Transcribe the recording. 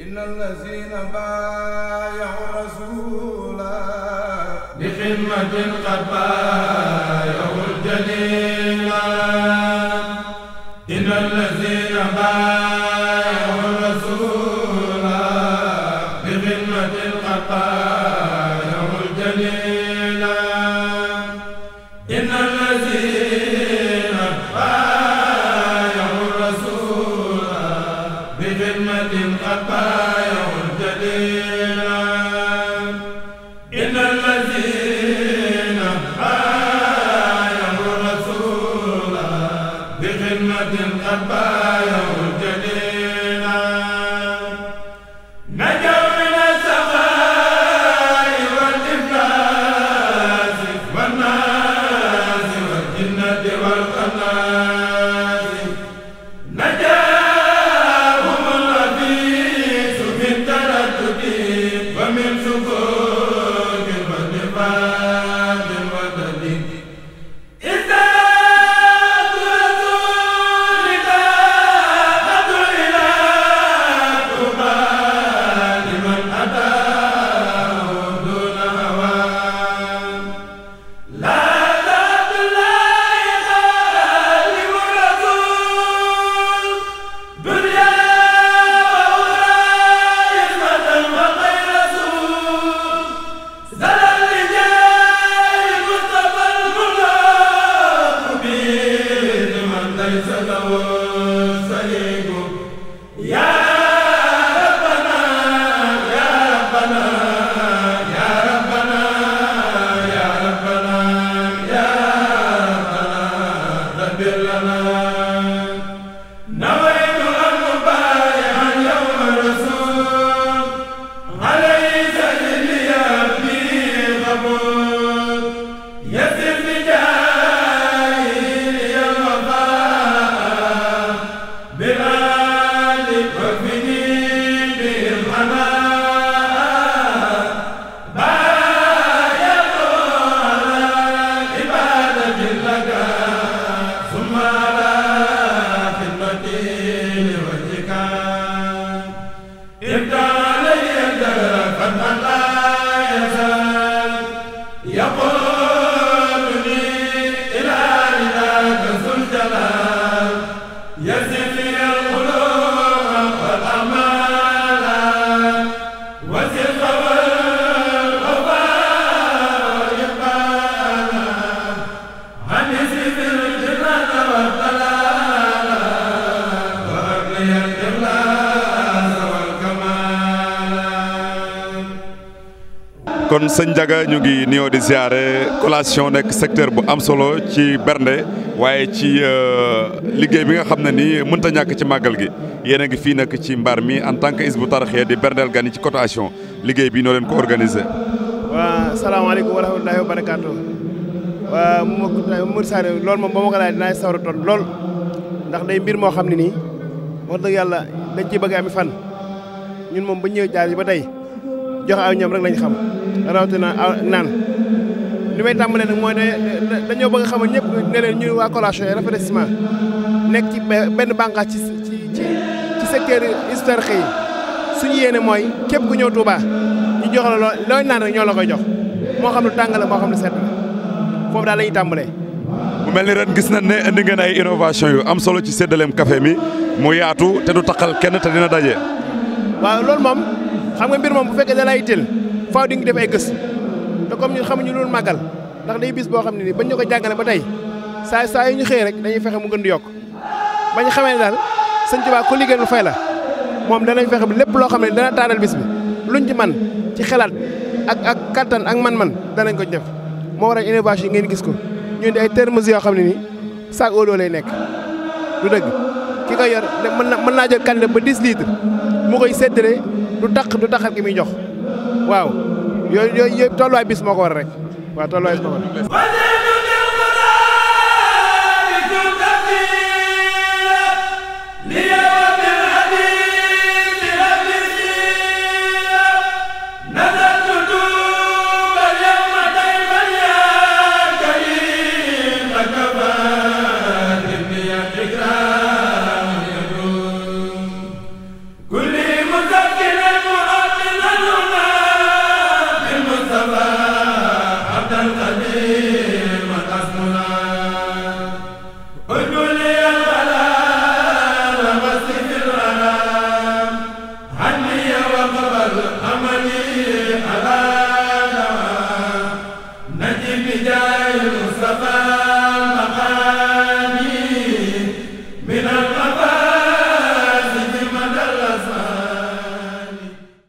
إن الذين بايعوا الرسول بخدمة قد بايعوا قد بايعوا الجنين kon sëñ njaga ñu ngi nuyoo di ziare collation nekk secteur bu am solo ci bernde waaye ci euh, liggéey bi nga xam ne nii mënta ñàkk ci màggal gi yéen a ngi fii nag ci mbaar mi en tant que Hizbut Tarqiyyah di berndeel gan ci cotation liggéey bi noo leen ko organisé. waa salaamaaleykum wa rahmatulahi wa barakaatu. waa Mourou Saare loolu moom ba ma ko laaj dinaa sawar a lool ndax day mbir moo xam ne nii wax dëgg yàlla dañ ciy bëgg ami fan ñun moom ba ñëwee jaar yi ba tey. joxe aw ñoom rek lañu xam na naan li may tàmbalee nag mooy ne dañoo bëgg xam xamal ñëpp ne leen ñu waa collation rafraîchissement nekk ci benn bànqaas ci ci ci ci secteur historique yi mooy képp ku ñëw Touba ñu jox la looy naan rek ñoo la koy jox moo xam ne tàng moo xam ne set la foofu daal la ñuy mu mel ni ren gis nañ ne indi ngeen ay innovation yu am solo ci séddaleem café mi mu yaatu te du taqal kenn te dina daje. waaw loolu moom. xam nga mbir moom bu fekkee da lay itteel faaw di nga def ay gës te comme ñun xamuñu loolu màggal ndax day bis boo xam ne nii bañ ñu ko jàngale ba tey saa saa yu ñu xëy rek dañuy fexe mu gën di yokk ba bañ xamee ne daal sëñ Tuubaa ku liggéey fay la moom danañ fexe lépp loo xam ne dana taaral bis bi luñ ci man ci xelaat ak ak kattan ak man-man danañ ko def moo waral innovation yi ngeen gis ko ñu di ay termes yoo xam ne nii saag lay nekk du dëgg ki ko yor mën na mën naa jël canne ba 10 litres mu koy séddale du taq du taqal ki muy jox waaw yooyu yooyu yëpp tolluwaay bis moo ko rek waaw tolluwaay bis moo ko jaay